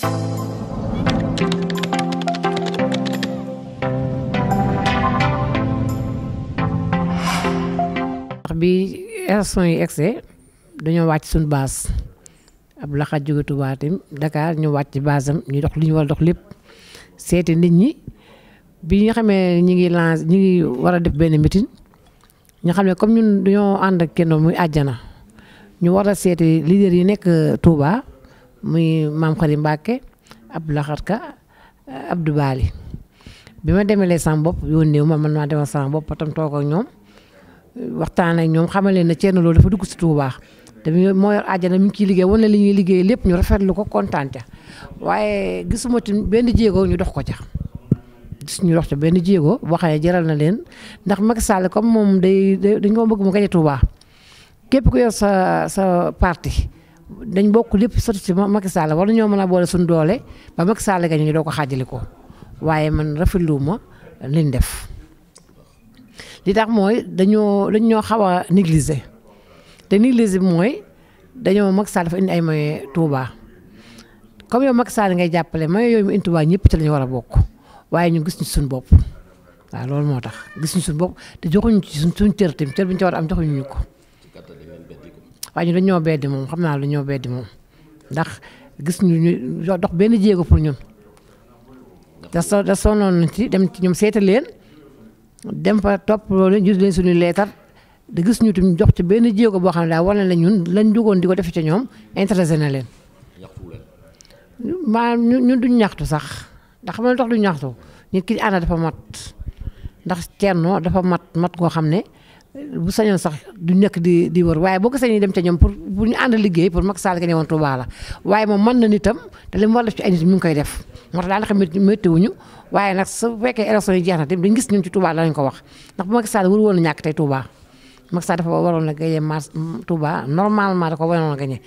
bi élection yi egsee dañoo wàcc sun bas ab laxaat jóge Tuubaa tim Dakar ñu wàcc base am ñu dox li ñu war a dox lépp seeti nit ñi bi nga xamee ñi ngi lance ñi ngi war def benn meeting ñu xam comme ñun dañoo ànd ak kenn muy àjjana ñu war a leader yi nekk Tuubaa muy maam Xari Mbàkke Abdou Lahat Ka Abdou Bali bi ma demalee sama bopp yónnee ma man maa demal sama bopp tam toog ak ñoom waxtaan ak ñoom leen na ceen loolu dafa dugg si Tuubaa te moo yor àjjana mi ngi ciy liggéey wane li ñuy liggéey lépp ñu rafetlu ko kontaan ca waaye gisuma tamit benn jéego ñu dox ko ca gis ñu dox ca benn jéego boo jaral na leen ndax Macky Sall comme moom day dañ ko bëgg mu gañe Tuubaa képp ku yor sa sa parti dañ bokk lépp sotti ci Macky Sall war ñoo mën a boole suñu doole ba Macky Sall gañu ngi doo ko xaajale ko waaye man rafetluwuma liñ def li tax mooy dañoo dañ ñoo xaw a négliger te négliger bi mooy dañoo Macky Sall dafa indi ay moyens tuubaa comme yow Macky Sall ngay jàppale moyens yooyu mu indi Touba ñëpp ci la war a bokk waaye ñu gis ñu suñu bopp waaw loolu moo tax gis ñu suñu bopp te joxuñu ci suñ suñ cër tamit cër bi ñu ci war a am joxuñu ñu ko. waaye ñu dañoo beddi moom xam naa lu ñoo beddi moom ndax gis ñu ñu dox benn jéego pour ñun da so da sonnoon ci dem ci ñoom seeta leen dem fa topp loolu ñu leen suñu leetar da gis ñu tam jox ci benn jéego boo xam ne daal war na ñun lañ jugoon di ko defe ca ñoom intéressé na leen maa ñu duñ ñaxtu sax ndax xam nga lu tax duñ ñaxtu nit ki ànd dafa mat ndax Thierno dafa mat mat koo xam ne bu sañoon sax du nekk di di wër waaye boo ko sañoon dem te ñoom pour bu ñu ànd liggéey pour Macky Sall ke ne woon Touba la waaye moom man na nitam te li mu war def ci ay nit mi ngi koy def moo tax daanaka métti wuñu waaye nag su fekkee élection yi jeex na tamit dañu gis ñun ci Touba danañ ko wax ndax bu Macky Sall wër woon ñàkk tey Touba Macky Sall dafa waroon a gagné mars Touba maa da ko waroon a gagné